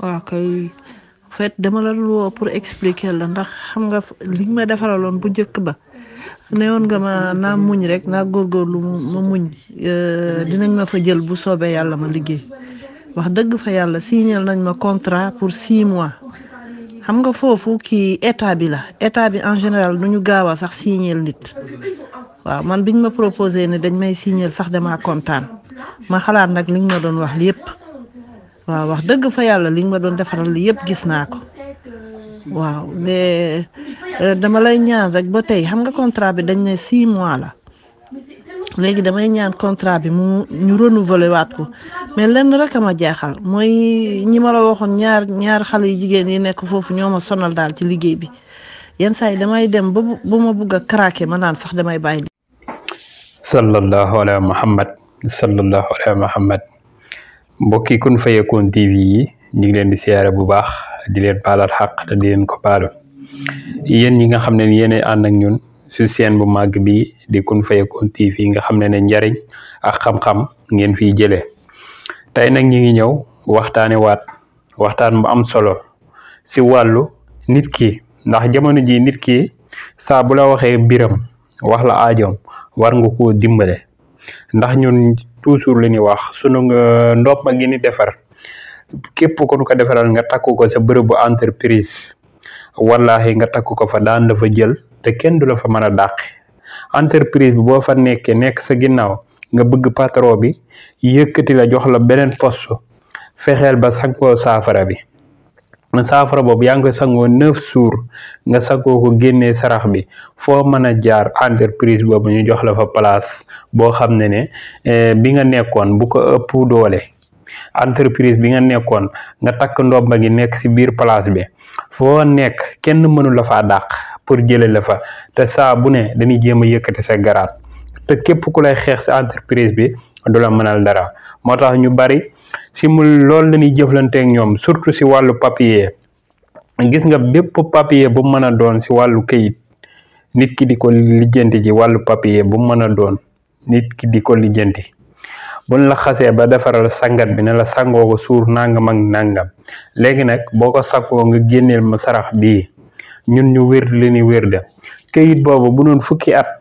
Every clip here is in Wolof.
waaw kay en fait dama la woo pour expliquer la ndax xam nga li ma defaraloon bu njëkk ba ne woon nga ma naa muñ rek naa góorgóorlu ma muñ euh, dinañ ma fa jël bu soobee yàlla ma liggéey wax dëgg fa yàlla signal nañ ma contrat pour six mois xam nga foofu kii état bi la état bi en général du ñu gaaw a sax signal nit waaw man biñ ma proposé ne dañ may signal sax damaa kontaan ma xalaat nag liñ ma doon wax lépp. waaw wax dëgg fa yàlla li nga ma doon defaral li yëpp gis naa ko waaw mais euh, dama lay ñaan rek ba tey xam nga contrat bi dañ ne six mois la léegi damay ñaan contrat bi mu ñu renouveler waat ko mais lenn rek a ma jeexal mooy ñi ma la waxoon ñaar ñaar xale yu jigéen yi nekk foofu ñoo ma sonal daal ci liggéey bi yenn saa yi damay dem ba bu ma bugg a craquer ma naan sax damay bàyyi. sallallahu ala muhammad sallallahu ala muhammad mbokki Kun Fayakoun TV yi ñu ngi leen di siyaare bu baax di leen baalaat xaq te di leen ko baalu yéen ñi nga xam ne yéen ànd ak ñun su seen bu màgg bi di Kun Fayakoun TV nga xam ne ne njariñ ak xam-xam ngeen fi jëlee tey nag ñu ngi ñëw waxtaane waat waxtaan bu am solo si wàllu nit ki ndax jamono ji nit ki saa bu la waxee mbiram wax la aajoom war nga koo dimbale ndax ñun toujours li ñuy wax sunu ndopp ma gi ni defar képp ko nu ko defaral nga takku ko sa bërëbu entreprise wallahi nga takku ko fa daan dafa jël te kenn du la fa mën a dàq entreprise bi boo fa nekkee nekk sa ginnaaw nga bëgg patron bi yëkkati la jox la beneen poste fexeel ba ko saafara bi saafara boobu yaa ngi koy sangoo neuf jours nga sagoo ko génnee sarax bi foo mën a jaar entreprise boobu ñu jox la fa place boo xam ne ne eh, bi nga nekkoon bu ko ëpp doole entreprise bi nga nekkoon nga takk ndomba gi nekk ci biir place bi foo nekk kenn mënu la faa dàq pour jële la fa te saa bu ne dañuy jéem a yëkkati sa garaat te képp ku lay xeex si entreprise bi du la mënal dara moo tax ñu bari si mu loolu la ñuy jëflanteeg ñoom surtout si wàllu papier gis nga bépp papier bu mën a doon si wàllu kayit nit ki di ko lijjanti ji wàllu papier bu mën a doon nit ki di ko lijjanti buñ la xasee ba defaral sangat bi ne la sangoo ko suur nangam ak nangam léegi nag boo ko sakkoo nga génneel ma sarax bi ñun ñu wér li ni de këyit boobu bu doon fukki at.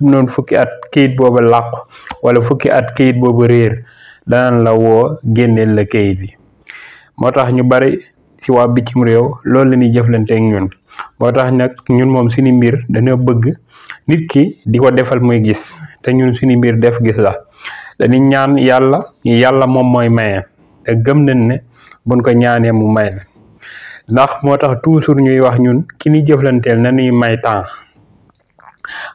fu mu noonu fukki at kayit boobu làqu wala fukki at kayit boobu réer danaan la woo génneel la keyit bi moo tax ñu bari ci wa bitim réew loolu la ñuy jëflante ak ñun moo tax nag ñun moom suñu mbir dañoo bëgg nit ki di ko defal muy gis te ñun suñu mbir def gis la dañuy ñaan yàlla yàlla moom mooy maye te gëm nañ ne bun ko ñaanee mu may ndax moo tax toujours ñuy wax ñun ki ñuy jëflanteel na ñuy may temps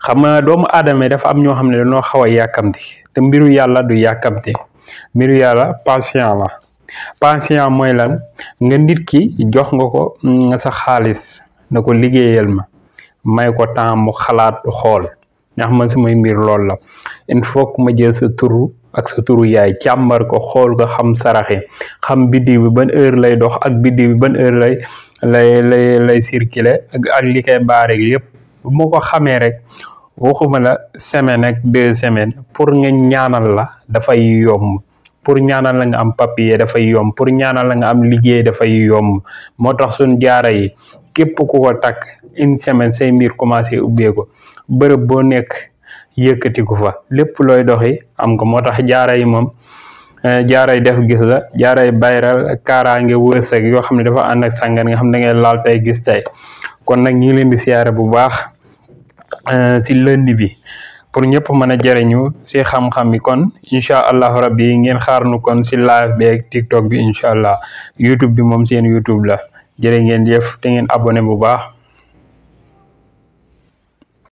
xam nga doomu aadama dafa am ñoo xam ne dañoo xaw a yàkkamti te mbiru yàlla du yàkkamti mbiru yàlla patient ma patient mooy lan nga nit ki jox nga ko nga mm, sax xaalis na ko liggéeyal ma may ko temps mu xalaat xool ndax ma samay mbir loolu la il ma jël sa turu ak sa turu yaay càmbar ko xool ko xam saraxe xam biddiw bi ban heure lay dox ak biddiw bi ban heure lay lay circuler ak ak li koy yëpp bu ma ko xamee rek waxuma la semaine ak deux semaines pour nga ñaanal la dafay yomb pour ñaanal la nga am papier dafay yomb pour ñaanal la am liggéey dafay yomb moo tax suñ jaara yi képp ku ko takk une semaine say mbir commencé ubbee ko bërëb boo nekk yëkkati ko fa lépp looy doxi am ko moo tax jaara yi moom eh, yi def gis la jaaray bayral kaaraange wërsëg yoo xam ne dafa ànd ak sàngan nga xam ne da ngay laal tey gis tey kon nag ñu ngi leen bu baax Euh, si lënd bi pour ñëpp mën a jëriñu ci xam-xam yi kon incha allahu rabbi ngeen xaar nu kon ci live beeg tiktok bi incha allah youtube bi moom seen youtube la jërë ngeen jëf te ngeen abonné bu baax.